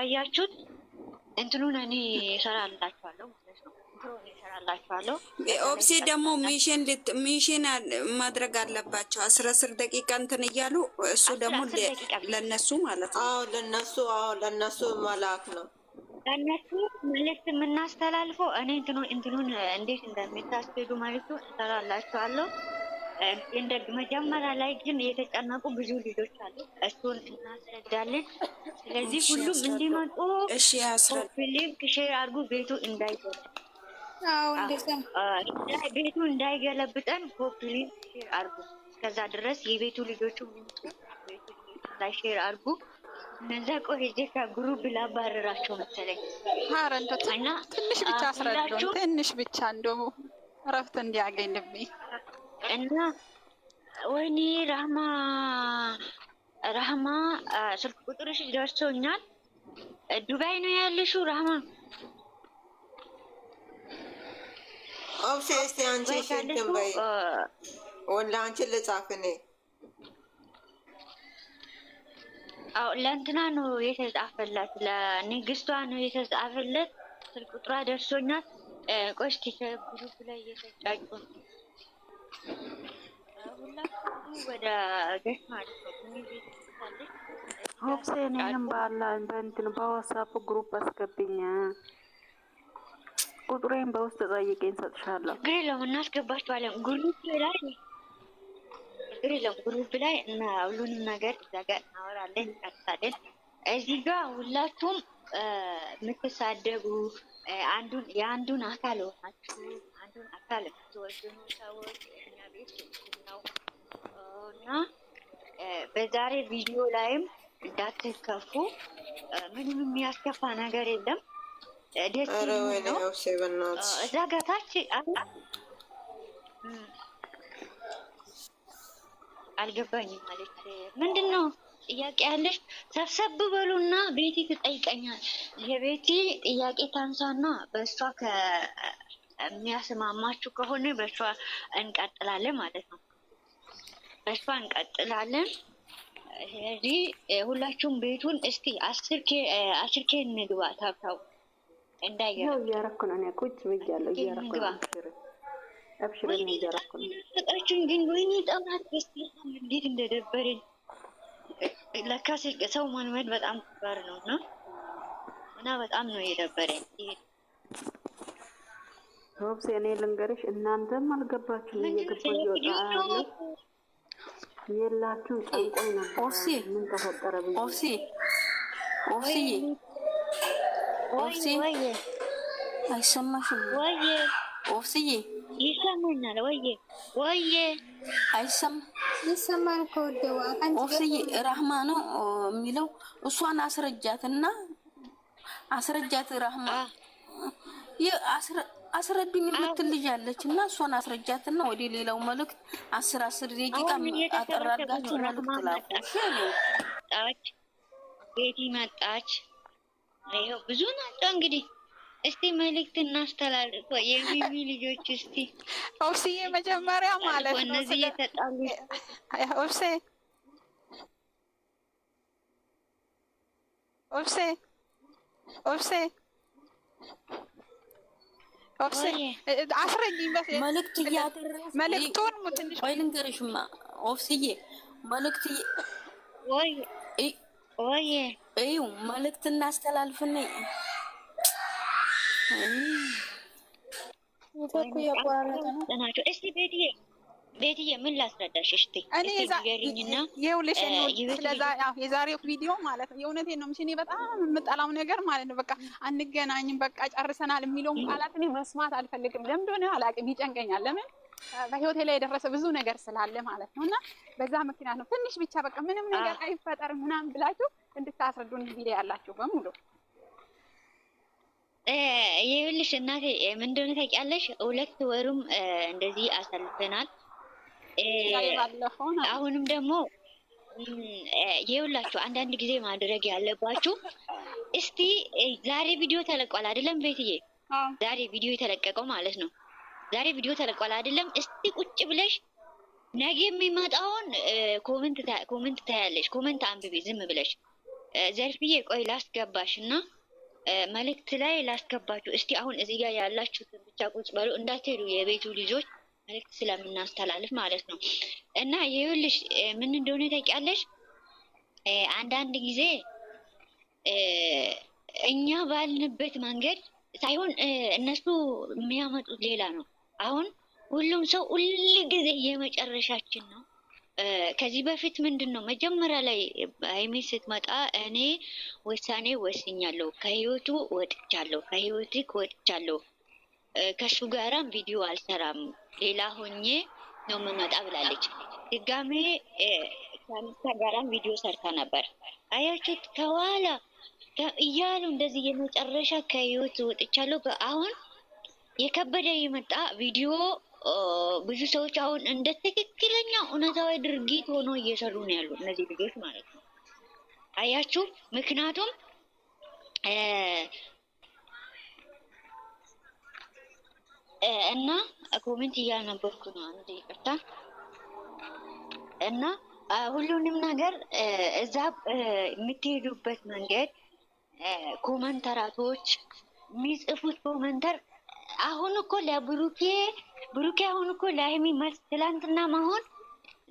ያያችሁት እንትኑን እኔ እሰራላችኋለሁ ማለት ነው። ኦብሴ ደግሞ ሚሽን ሚሽን ማድረግ አለባቸው። አስራ አስር ደቂቃ እንትን እያሉ እሱ ደግሞ ለነሱ ማለት ነው። አዎ ለነሱ፣ አዎ ለነሱ መላክ ነው። ለነሱ መልዕክት የምናስተላልፈው እኔ እንትኑን እንትኑን እንዴት እንደሚታስሄዱ ማለት ነው። እሰራላችኋለሁ እንደ መጀመሪያ ላይ ግን የተጨነቁ ብዙ ልጆች አሉ። እሱን እናስረዳለን። ስለዚህ ሁሉም እንዲመጡ ሊንክ ሼር አድርጉ። ቤቱ እንዳይገለብጠን ቤቱ እንዳይገለብጠን ኮፒ ሊንክ ሼር አድርጉ። ከዛ ድረስ የቤቱ ልጆቹ ላይ ሼር አድርጉ። እነዛ ቆይ ሄጄ ከግሩፕ ላባረራቸው መሰለኝ። ኧረ እንደው ትንሽ ብቻ አስረዱን፣ ትንሽ ብቻ እንደው እረፍት እንዲያገኝ ልብኝ እና ወይኔ ራህማ ራህማ ስልክ ቁጥርሽ ደርሶኛል። ዱባይ ነው ያለሽው ራህማ? ኦብሴ እስቲ አንቺ ሽንትን በይ ወላ አንቺን ልጻፍ እኔ አዎ ለእንትና ነው የተጻፈላት፣ ለንግስቷ ነው የተጻፈለት። ስልክ ቁጥሯ ደርሶኛል። ቆይ እስቲ ከጉሩፕ ላይ እየተጫጩ ወደ ገሽ ማለት እኔንም ባላ በእንትን በዋትሳፕ ግሩፕ አስገብኝ። ቁጥሬን በውስጥ ጠይቄን ሰጥሻለሁ። ችግር የለም እናስገባችኋለን። ግሩፕ ላይ ችግር የለም ግሩፕ ላይ እና ሁሉንም ነገር እዛ ጋር እናወራለን፣ እንጨርሳለን። እዚህ ጋር ሁላችሁም የምትሳደቡ አንዱን የአንዱን አካል ሆናችሁ አንዱን አካል የምትወዱ ሰዎች እኛ ቤት ነው እና በዛሬ ቪዲዮ ላይም እንዳትከፉ፣ ምንም የሚያስከፋ ነገር የለም። ደስ እዛ አልገባኝም ማለት ምንድን ነው? ጥያቄ ያለሽ ሰብሰብ በሉና ቤቲ ትጠይቀኛል። የቤቲ ጥያቄ ታንሳና በእሷ ከሚያስማማችሁ ከሆነ በእሷ እንቀጥላለን ማለት ነው። እሷ እንቀጥላለን። ስለዚህ ሁላችሁም ቤቱን እስቲ አስር ኬ እንግባ። ታብታው እንዳየ እያረኩ ነው ቁጭ ብያለሁ። እያረኩ አብሽረን እያረኩ ነው። ፍቅራችን ግን ወይኔ ጠማት ስ እንዴት እንደደበረኝ ለካ ሰው ማንመድ በጣም ከባድ ነው እና እና በጣም ነው የደበረኝ። ሆብስ እኔ ልንገርሽ እናንተም አልገባችሁም እየገባ እየወጣ ያለ የላችሁ ጨንቆኝ ነበር። ኦፍሲ ምን ተፈጠረ? ኦፍሲ ኦፍሲዬ ራህማ ነው የሚለው። እሷን አስረጃትና አስረጃት ራህማ አስረዱኝ የምትል ልጅ አለች እና እሷን አስረጃትና ወደ ሌላው መልእክት አስር አስር ደቂቃ አጠር መልእክት ላኩ። ቤቲ መጣች። ይኸው ብዙ ናቸው እንግዲህ እስቲ መልእክት እናስተላልፎ የሚሚ ልጆች እስቲ ኦብስዬ መጀመሪያ ማለት ነው እነዚህ የተጣሉ ኦብሴ ኦብሴ ኦብሴ መልእክት መልእክቱን ቆይ ልንገርሽማ ወፍስዬ መልእክት እዩ መልእክት እናስተላልፍኒ እስቲ ቤትዬ ቤትዬ ምን ላስረዳሽ? እሺ እኔ የዛሬው ቪዲዮ ማለት ነው የእውነቴን ነው። እኔ በጣም የምጠላው ነገር ማለት ነው በቃ አንገናኝም፣ በቃ ጨርሰናል የሚለውን ቃላት እኔ መስማት አልፈልግም። ለምን እንደሆነ አላውቅም፣ ይጨንቀኛል። ለምን በህይወቴ ላይ የደረሰ ብዙ ነገር ስላለ ማለት ነው። እና በዛ ምክንያት ነው ትንሽ ብቻ በቃ ምንም ነገር አይፈጠርም ምናምን ብላችሁ እንድታስረዱን ቪዲዮ ያላችሁ በሙሉ ይኸውልሽ እናቴ ምንድን ነው ታውቂያለሽ፣ ሁለት ወሩም እንደዚህ አሳልፈናል። አሁንም ደግሞ የሁላችሁ አንዳንድ ጊዜ ማድረግ ያለባችሁ እስቲ ዛሬ ቪዲዮ ተለቋል አይደለም? ቤትዬ ዛሬ ቪዲዮ የተለቀቀው ማለት ነው። ዛሬ ቪዲዮ ተለቋል አይደለም? እስቲ ቁጭ ብለሽ ነገ የሚመጣውን ኮመንት ኮመንት ታያለሽ። ኮመንት አንብቤ ዝም ብለሽ ዘርፍዬ፣ ቆይ ላስገባሽ እና መልእክት ላይ ላስገባችሁ። እስቲ አሁን እዚህ ጋር ያላችሁትን ብቻ ቁጭ በሉ፣ እንዳትሄዱ የቤቱ ልጆች መልዕክት ስለምናስተላልፍ ማለት ነው። እና ይኸውልሽ ምን እንደሆነ ታውቂያለሽ? አንዳንድ ጊዜ እኛ ባልንበት መንገድ ሳይሆን እነሱ የሚያመጡት ሌላ ነው። አሁን ሁሉም ሰው ሁል ጊዜ የመጨረሻችን ነው። ከዚህ በፊት ምንድን ነው መጀመሪያ ላይ ሀይሚ ስትመጣ እኔ ውሳኔ ወስኛለሁ፣ ከህይወቱ ወጥቻለሁ፣ ከህይወት ወጥቻለሁ ከሱ ጋራም ቪዲዮ አልሰራም ሌላ ሆኜ ነው የምመጣ ብላለች። ድጋሜ ከአምስታ ጋራም ቪዲዮ ሰርታ ነበር። አያችሁት? ከኋላ እያሉ እንደዚህ የመጨረሻ ከህይወት ወጥቻለሁ። አሁን የከበደ የመጣ ቪዲዮ ብዙ ሰዎች አሁን እንደ ትክክለኛ እውነታዊ ድርጊት ሆኖ እየሰሩ ነው ያሉ እነዚህ ልጆች ማለት ነው። አያችሁ? ምክንያቱም እና ኮሜንት እያነበርኩ ነው። አንድ ይቅርታ እና ሁሉንም ነገር እዛ የምትሄዱበት መንገድ ኮመንተራቶች የሚጽፉት ኮመንተር አሁን እኮ ለብሩኬ ብሩኬ አሁን እኮ ለሀይሚ መልስ ትላንትና መሆን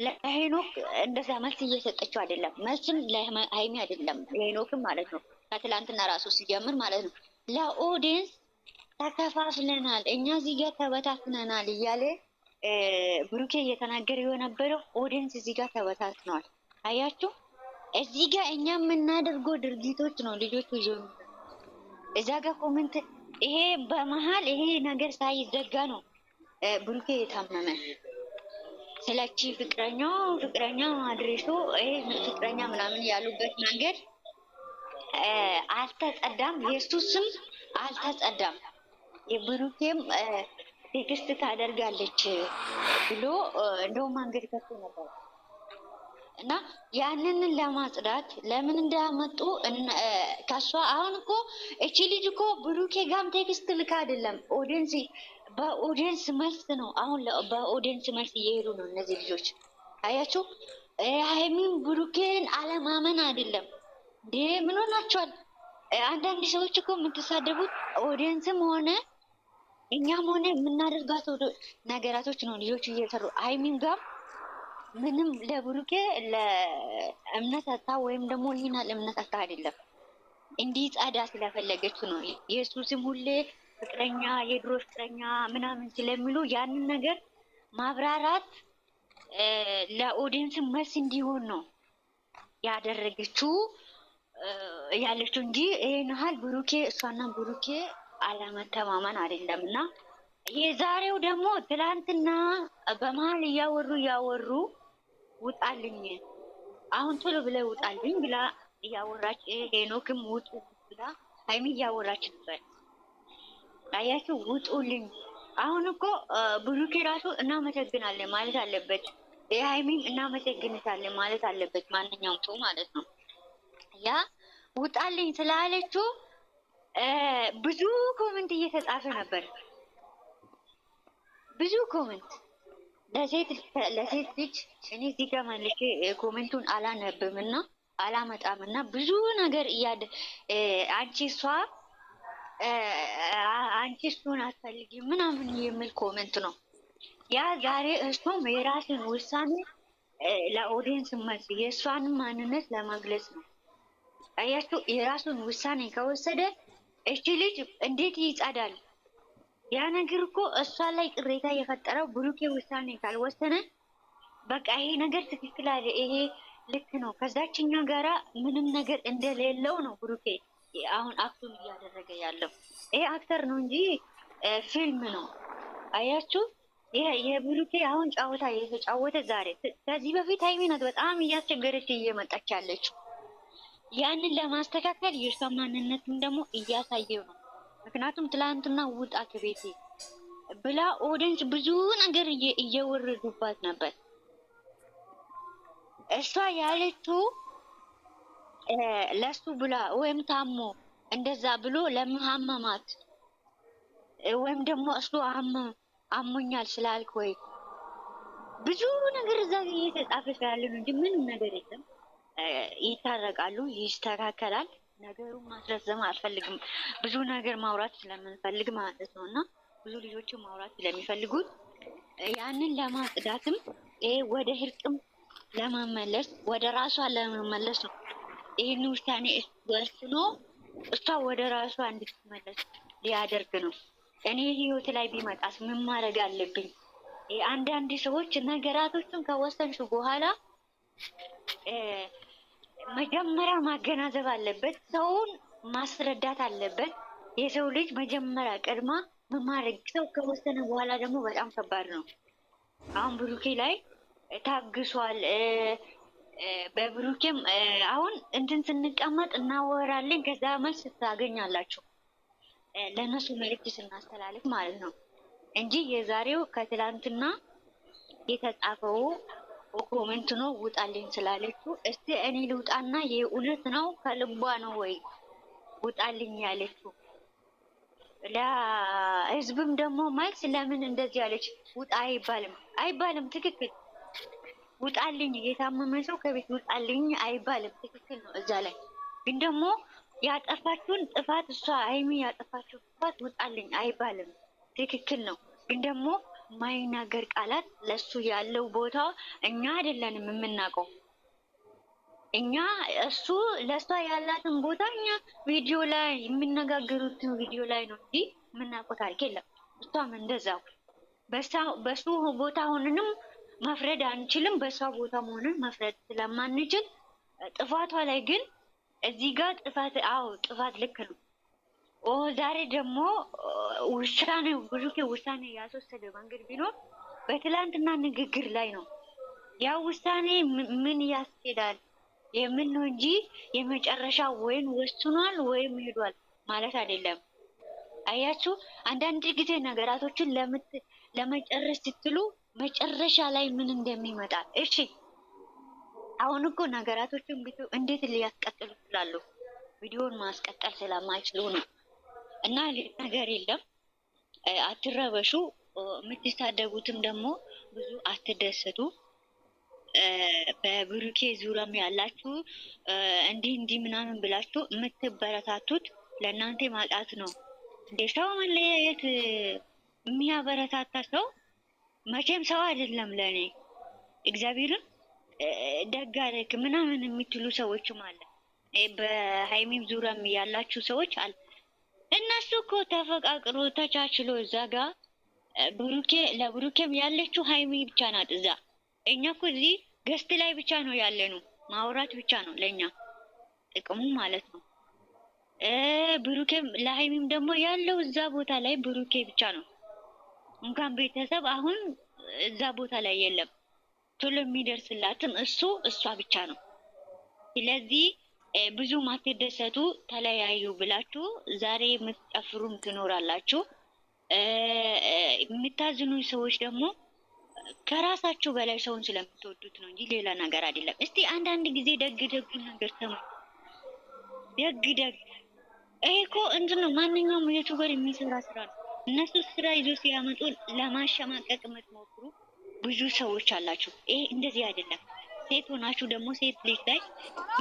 ለሄኖክ እንደዛ መልስ እየሰጠችው አይደለም። መልስም ለሀይሚ አይደለም ለሄኖክም ማለት ነው። ከትላንትና ራሱ ሲጀምር ማለት ነው ለኦዲየንስ ተከፋፍለናል፣ እኛ እዚህ ጋር ተበታትነናል እያለ ብሩኬ እየተናገረ የነበረው ኦዲየንስ እዚህ ጋር ተበታትነዋል። አያችሁ፣ እዚህ ጋር እኛ የምናደርገው ድርጊቶች ነው ልጆቹ ይዞ እዛ ጋር ኮመንት ይሄ በመሀል ይሄ ነገር ሳይዘጋ ነው ብሩኬ የታመመ ስለቺ ፍቅረኛ ፍቅረኛ አድሬሶ ይሄ ፍቅረኛ ምናምን ያሉበት መንገድ አልተጸዳም፣ የሱ ስም አልተጸዳም። የብሩኬም ቴክስት ታደርጋለች ብሎ እንደው አንገት ከቶ ነበር እና ያንን ለማጽዳት ለምን እንዳመጡ ከሷ አሁን እኮ እቺ ልጅ እኮ ብሩኬ ጋም ቴክስት ልካ አይደለም ኦዲንስ በኦዲንስ መልስ ነው። አሁን በኦዲንስ መልስ እየሄዱ ነው እነዚህ ልጆች አያችሁ። ሃይሚን ብሩኬን አለማመን አይደለም እንዴ ምን ሆናችኋል? አንዳንድ ሰዎች እኮ የምትሳደቡት ኦዲንስም ሆነ እኛም ሆነ የምናደርጋቸው ነገራቶች ነው ልጆች እየሰሩ አይሚን ጋር ምንም ለብሩኬ ለእምነት አታ ወይም ደግሞ ይህናል እምነት አታ አይደለም። እንዲህ ጻዳ ስለፈለገች ነው የሱስም ሁሌ ፍቅረኛ የድሮ ፍቅረኛ ምናምን ስለሚሉ ያንን ነገር ማብራራት ለኦዲየንስ መልስ እንዲሆን ነው ያደረገችው ያለችው እንጂ ይህን ያህል ብሩኬ እሷና ብሩኬ አለመተማመን አይደለም እና የዛሬው ደግሞ ትላንትና በመሀል እያወሩ እያወሩ ውጣልኝ፣ አሁን ቶሎ ብለ ውጣልኝ ብላ እያወራች ሄኖክም ውጡ ብላ ሀይሚ እያወራች ነበር። አያችሁ፣ ውጡልኝ። አሁን እኮ ብሩኬ ራሱ እናመሰግናለን ማለት አለበት፣ የሀይሚም እናመሰግንታለን ማለት አለበት። ማንኛውም ሰው ማለት ነው ያ ውጣልኝ ስላለችው ብዙ ኮመንት እየተጻፈ ነበር። ብዙ ኮመንት ለሴት ለሴት ልጅ እኔ እዚህ ጋር መልሼ ኮመንቱን አላነብም እና አላመጣም እና ብዙ ነገር እያደ አንቺ እሷ አንቺ እሱን አትፈልጊም ምናምን የሚል ኮመንት ነው ያ ዛሬ። እሱም የራስን ውሳኔ ለኦዲየንስ መስ የእሷን ማንነት ለመግለጽ ነው። አያችሁ የራሱን ውሳኔ ከወሰደ እቺ ልጅ እንዴት ይጸዳል? ያ ነገር እኮ እሷ ላይ ቅሬታ የፈጠረው ብሩኬ ውሳኔ ካልወሰነ በቃ ይሄ ነገር ትክክል አለ፣ ይሄ ልክ ነው፣ ከዛችኛ ጋራ ምንም ነገር እንደሌለው ነው ብሩኬ አሁን አክቱን እያደረገ ያለው። ይሄ አክተር ነው እንጂ ፊልም ነው። አያችሁ፣ የብሩኬ አሁን ጫወታ የተጫወተ ዛሬ። ከዚህ በፊት ሃይሚ ናት በጣም እያስቸገረች እየመጣች ያለችው ያንን ለማስተካከል የእርሷ ማንነትም ደግሞ እያሳየው ነው። ምክንያቱም ትላንትና ውጣ ከቤቴ ብላ ኦደንስ ብዙ ነገር እየወረዱባት ነበር። እሷ ያለችው ለሱ ብላ ወይም ታሞ እንደዛ ብሎ ለምን ወይም ደግሞ እሱ አሞኛል ስላልክ ወይ ብዙ ነገር እዛ እየተጻፈ ስላለ ነው እንጂ ምንም ነገር የለም። ይታረቃሉ፣ ይስተካከላል። ነገሩን ማስረዘም አልፈልግም፣ ብዙ ነገር ማውራት ስለምንፈልግ ማለት ነው እና ብዙ ልጆቹ ማውራት ስለሚፈልጉት ያንን ለማጽዳትም ይሄ ወደ ህርቅም ለመመለስ ወደ ራሷ ለመመለስ ነው። ይህን ውሳኔ ወስኖ እሷ ወደ ራሷ እንድትመለስ ሊያደርግ ነው። እኔ ህይወት ላይ ቢመጣስ ምን ማድረግ አለብኝ? አንዳንድ ሰዎች ነገራቶችን ከወሰንሽ በኋላ መጀመሪያ ማገናዘብ አለበት። ሰውን ማስረዳት አለበት። የሰው ልጅ መጀመሪያ ቀድማ መማረግ ሰው ከወሰነ በኋላ ደግሞ በጣም ከባድ ነው። አሁን ብሩኬ ላይ ታግሷል። በብሩኬም አሁን እንትን ስንቀመጥ እናወራለን። ከዛ መልስ ታገኛላችሁ። ለእነሱ መልዕክት ስናስተላልፍ ማለት ነው እንጂ የዛሬው ከትላንትና የተጻፈው ኮሜንት ነው ውጣልኝ ስላለችው፣ እስቲ እኔ ልውጣና የእውነት ነው ከልቧ ነው ወይ ውጣልኝ ያለችው። ለህዝብም ደግሞ መልስ ለምን እንደዚህ ያለች ውጣ አይባልም አይባልም። ትክክል ውጣልኝ፣ የታመመ ሰው ከቤት ውጣልኝ አይባልም። ትክክል ነው። እዛ ላይ ግን ደግሞ ያጠፋችሁን ጥፋት እሷ ሀይሚ ያጠፋችሁን ጥፋት ውጣልኝ አይባልም። ትክክል ነው። ግን ደግሞ ማይናገር ቃላት ለሱ ያለው ቦታ እኛ አይደለንም የምናውቀው። እኛ እሱ ለእሷ ያላትን ቦታ እኛ ቪዲዮ ላይ የሚነጋገሩትን ቪዲዮ ላይ ነው እንጂ የምናውቀው ታሪክ የለም። እሷም እንደዛው በሱ ቦታ ሆንንም መፍረድ አንችልም። በእሷ ቦታ መሆንን መፍረድ ስለማንችል ጥፋቷ ላይ ግን እዚህ ጋር ጥፋት፣ አዎ ጥፋት ልክ ነው ዛሬ ደግሞ ውሳኔ ብሩኬ ውሳኔ ያስወሰደ መንገድ ቢኖር በትላንትና ንግግር ላይ ነው። ያ ውሳኔ ምን ያስኬዳል የምን ነው እንጂ የመጨረሻ ወይም ወስኗል ወይም ሄዷል ማለት አይደለም። አያችሁ፣ አንዳንድ ጊዜ ነገራቶችን ለመጨረስ ስትሉ መጨረሻ ላይ ምን እንደሚመጣ እሺ። አሁን እኮ ነገራቶችን እንዴት ሊያስቀጥሉ ይችላሉ? ቪዲዮን ማስቀጠል ስለማይችሉ ነው። እና ነገር የለም አትረበሹ። የምትታደጉትም ደግሞ ብዙ አትደሰቱ። በብሩኬ ዙሪያም ያላችሁ እንዲህ እንዲህ ምናምን ብላችሁ የምትበረታቱት ለእናንተ ማጣት ነው። እንደ ሰው መለያየት የሚያበረታታ ሰው መቼም ሰው አይደለም ለእኔ። እግዚአብሔርም ደግ ምናምን የሚትሉ ሰዎችም አለ። በሀይሚም ዙሪያም ያላችሁ ሰዎች አለ እነሱ እኮ ተፈቃቅሮ ተቻችሎ እዛ ጋ ብሩኬ ለብሩኬም ያለችው ሀይሚ ብቻ ናት። እዛ እኛ እኮ እዚህ ገስት ላይ ብቻ ነው ያለነው፣ ማውራት ብቻ ነው ለእኛ ጥቅሙ ማለት ነው። ብሩኬም ለሀይሚም ደግሞ ያለው እዛ ቦታ ላይ ብሩኬ ብቻ ነው። እንኳን ቤተሰብ አሁን እዛ ቦታ ላይ የለም ቶሎ የሚደርስላትም እሱ እሷ ብቻ ነው። ስለዚህ ብዙ ማትደሰቱ ተለያዩ ብላችሁ ዛሬ የምትጠፍሩም ትኖራላችሁ። የምታዝኑ ሰዎች ደግሞ ከራሳችሁ በላይ ሰውን ስለምትወዱት ነው እንጂ ሌላ ነገር አይደለም። እስቲ አንዳንድ ጊዜ ደግ ደጉ ነገር ተማ ደግ ደግ ይሄ እኮ እንትን ነው። ማንኛውም ዩቱበር የሚሰራ ስራ ነው። እነሱ ስራ ይዞ ሲያመጡ ለማሸማቀቅ የምትሞክሩ ብዙ ሰዎች አላችሁ። ይሄ እንደዚህ አይደለም። ሴት ሆናችሁ ደግሞ ሴት ልጅ ላይ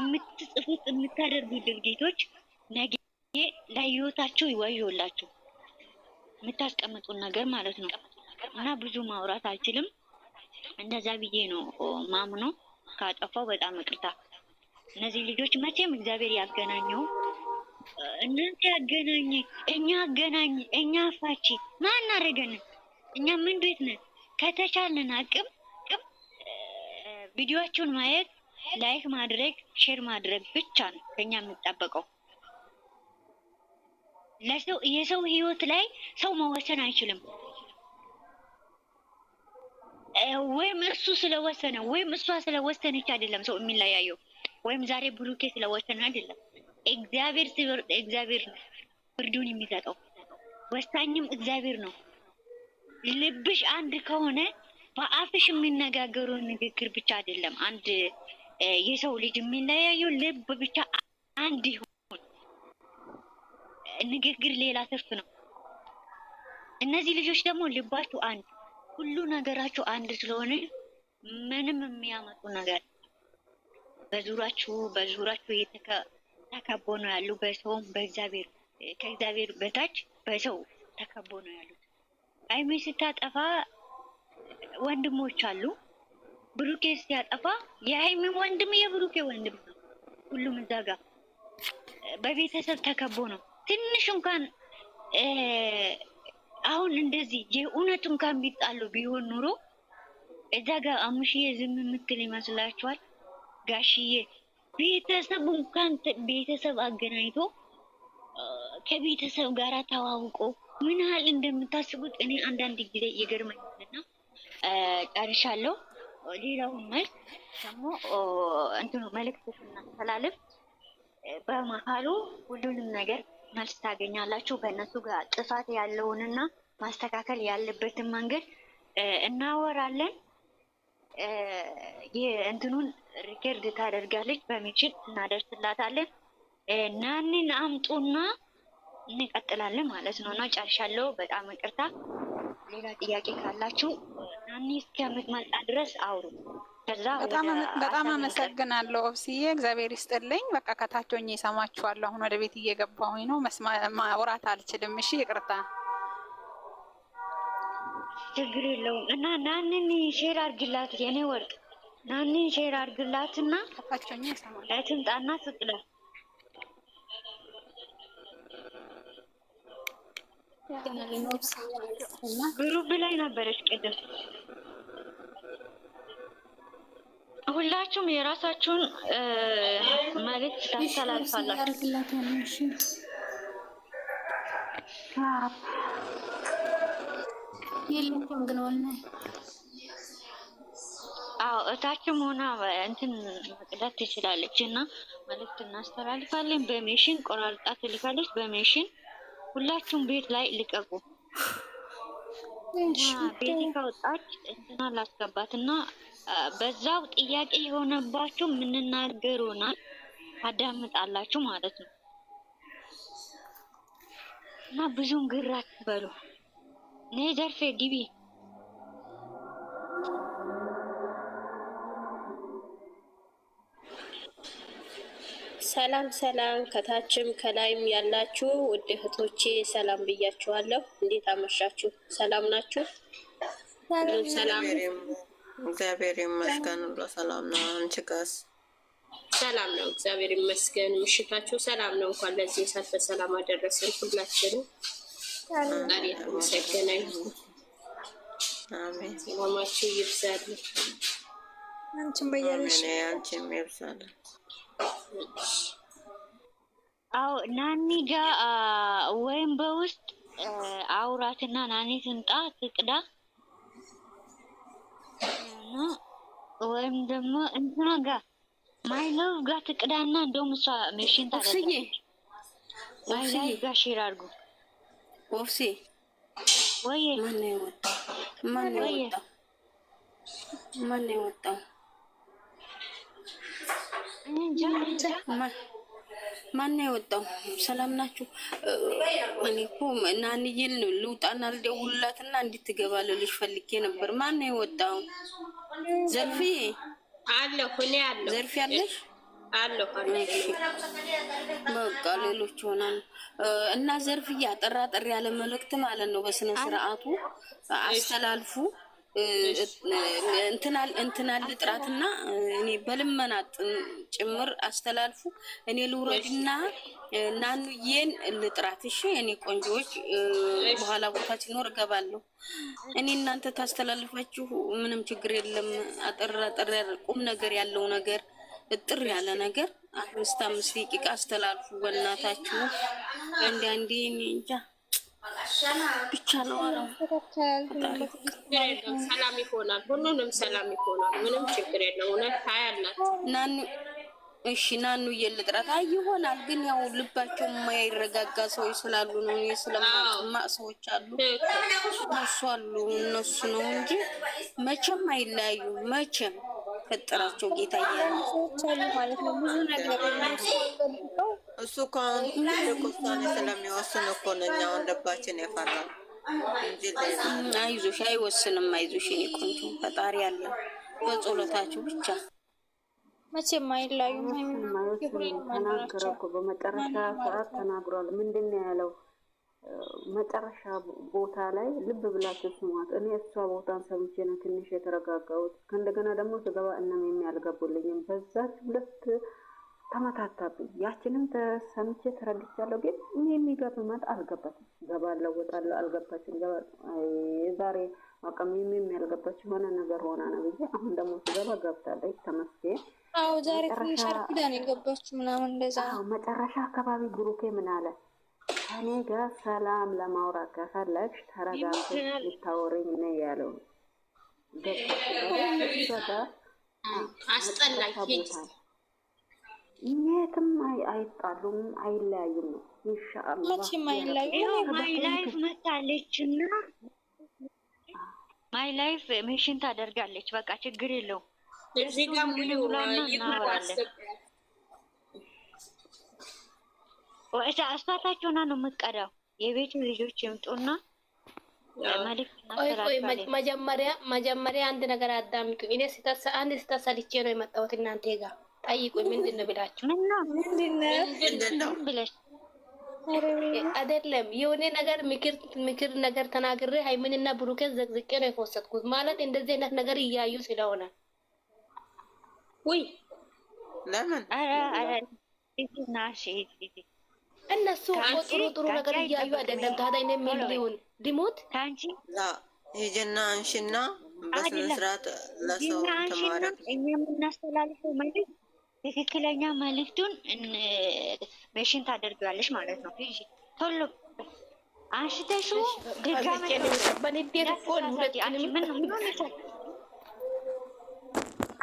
የምትጽፉት የምታደርጉ ድርጊቶች ነገ ለህይወታችሁ ይወዩላችሁ። የምታስቀምጡን ነገር ማለት ነው። እና ብዙ ማውራት አልችልም። እንደዛ ብዬ ነው ማምኖ ካጠፋው በጣም እቅርታ እነዚህ ልጆች መቼም እግዚአብሔር ያገናኘው እናንተ ያገናኝ እኛ አገናኝ እኛ አፋቺ ማን አደረገን? እኛ ምን ቤት ነን? ከተቻለን አቅም ቪዲዮአችሁን ማየት፣ ላይክ ማድረግ፣ ሼር ማድረግ ብቻ ነው ከኛ የምንጠበቀው። ለሰው የሰው ህይወት ላይ ሰው መወሰን አይችልም። ወይም እሱ ስለወሰነ ወይም እሷ ስለወሰነች አይደለም ሰው የሚለያየው፣ ወይም ዛሬ ብሩኬ ስለወሰነ አይደለም። እግዚአብሔር ሲወርድ እግዚአብሔር ፍርዱን የሚሰጠው፣ ወሳኝም እግዚአብሔር ነው። ልብሽ አንድ ከሆነ በአፍሽ የሚነጋገሩ ንግግር ብቻ አይደለም። አንድ የሰው ልጅ የሚለያየው ልብ ብቻ አንድ ይሁን። ንግግር ሌላ ትርፍ ነው። እነዚህ ልጆች ደግሞ ልባቸው አንድ፣ ሁሉ ነገራቸው አንድ ስለሆነ ምንም የሚያመጡ ነገር በዙራችሁ በዙራችሁ ተከቦ ነው ያሉ። በሰውም በእግዚአብሔር ከእግዚአብሔር በታች በሰው ተከቦ ነው ያሉት። አይሜ ስታጠፋ ወንድሞች አሉ። ብሩኬ ሲያጠፋ የሀይሚም ወንድም የብሩኬ ወንድም ነው። ሁሉም እዛ ጋ በቤተሰብ ተከቦ ነው። ትንሽ እንኳን አሁን እንደዚህ የእውነት እንኳን ቢጣሉ ቢሆን ኑሮ እዛ ጋ አሙሽዬ ዝም የምትል ይመስላችኋል? ጋሽዬ ቤተሰብ እንኳን ቤተሰብ አገናኝቶ ከቤተሰብ ጋር ተዋውቆ ምን ያህል እንደምታስቡት እኔ አንዳንድ ጊዜ ይገርመኛልና ቀርሻለሁ። ሌላው መልክ ደግሞ እንትኑ መልእክት ስናስተላልፍ በመሀሉ ሁሉንም ነገር መልስ ታገኛላችሁ። በእነሱ ጋር ጥፋት ያለውንና ማስተካከል ያለበትን መንገድ እናወራለን። እንትኑን ሪከርድ ታደርጋለች፣ በሚችል እናደርስላታለን። ናንን አምጡና እንቀጥላለን ማለት ነው እና ጨርሻለሁ። በጣም ይቅርታ። ሌላ ጥያቄ ካላችሁ ናኒ እስከምትመጣ ድረስ አውሩ። በጣም አመሰግናለሁ ኦብስዬ፣ እግዚአብሔር ይስጥልኝ። በቃ ከታቾኝ ይሰማችኋለሁ። አሁን ወደ ቤት እየገባሁኝ ነው። ማውራት አልችልም። እሺ ይቅርታ። ችግር የለውም እና ናንን ሼር አርግላት የኔ ወርቅ፣ ናንን ሼር አርግላት እና ትምጣና ስጥላት ግሩብ ላይ ነበረች ቅድም። ሁላችሁም የራሳችሁን መልዕክት ታስተላልፋላችሁ። ግን እታችም ሆና እንትን መቅዳት ትችላለች እና መልዕክት እናስተላልፋለን። በሜሽን ቆራርጣ ትልካለች በሜሽን ሁላችሁም ቤት ላይ ልቀቁ። ቤቲ ከወጣች እንትና ላስገባት እና በዛው ጥያቄ የሆነባችሁ ሆናል። አዳምጣላችሁ ማለት ነው እና ብዙም ግራ ትበሉ። ነይ ዘርፌ ግቢ ሰላም ሰላም ከታችም ከላይም ያላችሁ ውድ እህቶቼ ሰላም ብያችኋለሁ። እንዴት አመሻችሁ? ሰላም ናችሁ? እግዚአብሔር ይመስገን ብሎ ሰላም ነው። አንቺ ጋስ ሰላም ነው። እግዚአብሔር ይመስገን። ምሽታችሁ ሰላም ነው። እንኳን ለዚህ ሰዓት በሰላም አደረሰን ሁላችንም። ጣሪ የተመሰገነ ሰላማችሁ ይብዛል። አንቺም በያለሽ አንቺም ይብዛል። አው ናኒ ጋ ወይም በውስጥ አውራትና ናኒ ትምጣ ትቅዳ ወይም ደግሞ እንትና ጋ ማይለብ ጋ ትቅዳና እንደውም እሷ ሜሽን ታደርጋለች። ማይላይ ጋ ሼር አድርጉ። ወፍሴ ወይ ማን ነው የወጣው? ማን ነው የወጣው? ማን ነው የወጣው? ሰላም ናችሁ? እኔ እኮ ናንዬን ልውጣና ልደውልላትና እንድትገባ ልልሽ ፈልጌ ነበር። ማን ነው የወጣው? ዘርፌ አለሁ እኔ አለሁ። ዘርፌ አለሽ? አለሁ። በቃ ሌሎች ይሆናሉ እና ዘርፍዬ፣ አጠራ ጠር ያለ መልእክት ማለት ነው በስነ ስርዓቱ አስተላልፉ። እንትናል እንትናል ጥራትና እኔ በልመና ጭምር አስተላልፉ። እኔ ልውረድና ናኑዬን ልጥራት። እሺ እኔ ቆንጆዎች፣ በኋላ ቦታ ሲኖር እገባለሁ። እኔ እናንተ ታስተላልፋችሁ ምንም ችግር የለም። አጠር አጠር ቁም ነገር ያለው ነገር እጥር ያለ ነገር አምስት አምስት ደቂቃ አስተላልፉ በእናታችሁ። እንዲ አንዴ እንጃ ብቻ ነው አለ ችግር የለም። ሰላም ይሆናል። ሁሉንም ሰላም ይሆናል። ምንም ችግር የለም። እውነት ታያላችሁ። ናኑ እሺ፣ ናኑ ይሆናል። ግን ያው ልባቸው የማይረጋጋ ሰዎች ስላሉ ነው። እኔ ስለማጥማቅ ሰዎች አሉ፣ እነሱ አሉ፣ እነሱ ነው እንጂ መቼም አይለያዩ መቼም ፈጠራቸው ጌታ እሱ እኮ ነው እኛ ወንደባችን የፈራው አይዞሽ፣ አይወስንም። አይዞሽ የኔ ቆንጆ ፈጣሪ አለ። በጸሎታችሁ ብቻ መቼም አይላዩም። ተናገረ እኮ በመጨረሻ ሰዓት ተናግሯል። ምንድን ነው ያለው? መጨረሻ ቦታ ላይ ልብ ብላችሁ ስሟት። እኔ እሷ ቦታን ሰምቼ ነው ትንሽ የተረጋጋሁት። ከእንደገና ደግሞ ስገባ እነም የሚያልገቡልኝም በዛች ሁለት ተመታታብኝ። ያችንም ተሰምቼ ተረድቻለሁ። ግን እኔ የሚገርመት አልገባችም። ገባለሁ ወጣለሁ አልገባችም። የዛሬ አቅም የሚም ያልገባች የሆነ ነገር ሆና ነው ብዬ አሁን ደግሞ ስገባ ገብታለች። ተመስቼ አዎ ዛሬ ትንሽ አርፍዳ ነው ምናምን እንደዛ። መጨረሻ አካባቢ ግሩፔ ምን አለ ከኔ ጋር ሰላም ለማውራት ከፈለግሽ ተረጋግተሽ ልታወሪኝ ነው ያለው። ገባ አስጠላኝ የትም አይጣሉም፣ አይለያዩም ነው ኢንሻአላህ። መቼም አይለያዩም። ማይ ላይፍ መታለች እና ማይ ላይፍ ሜሽን ታደርጋለች። በቃ ችግር የለው። እዚህ ጋር ሙሉ አስፋልታቸውና ነው የምትቀዳው። የቤቱ ልጆች ይምጡና መጀመሪያ መጀመሪያ አንድ ነገር አዳምጡ። እኔ አንድ ስህተት ሰርቼ ነው የመጣሁት እናንተ ጋር ጠይቁኝ። ምንድን ነው ብላችሁ አይደለም የሆነ ነገር ምክር ምክር ነገር ተናግሬ ሃይሚንና ብሩኬት ዘቅዝቄ ነው የፈወሰጥኩት። ማለት እንደዚህ አይነት ነገር እያዩ ስለሆነ ውይ ለምን እነሱ ጥሩ ጥሩ ነገር እያዩ አይደለም። ታዲያ እኔ ምን ሊሆን ሊሞት ሂጅና አንሺና በስነ ስርዓት ለሰው ተማረ እኛ የምናስተላልፈው መልዕክት ትክክለኛ መልእክቱን ሜሽን ታደርጊዋለሽ ማለት ነው። ቶሎ አንሽተሹ ድጋሚ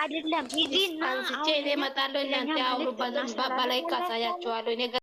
አይደለም ሂጂና አንስቼ እመጣለሁ። እናንተ አውሩ፣ በላይ ካሳያችኋለሁ።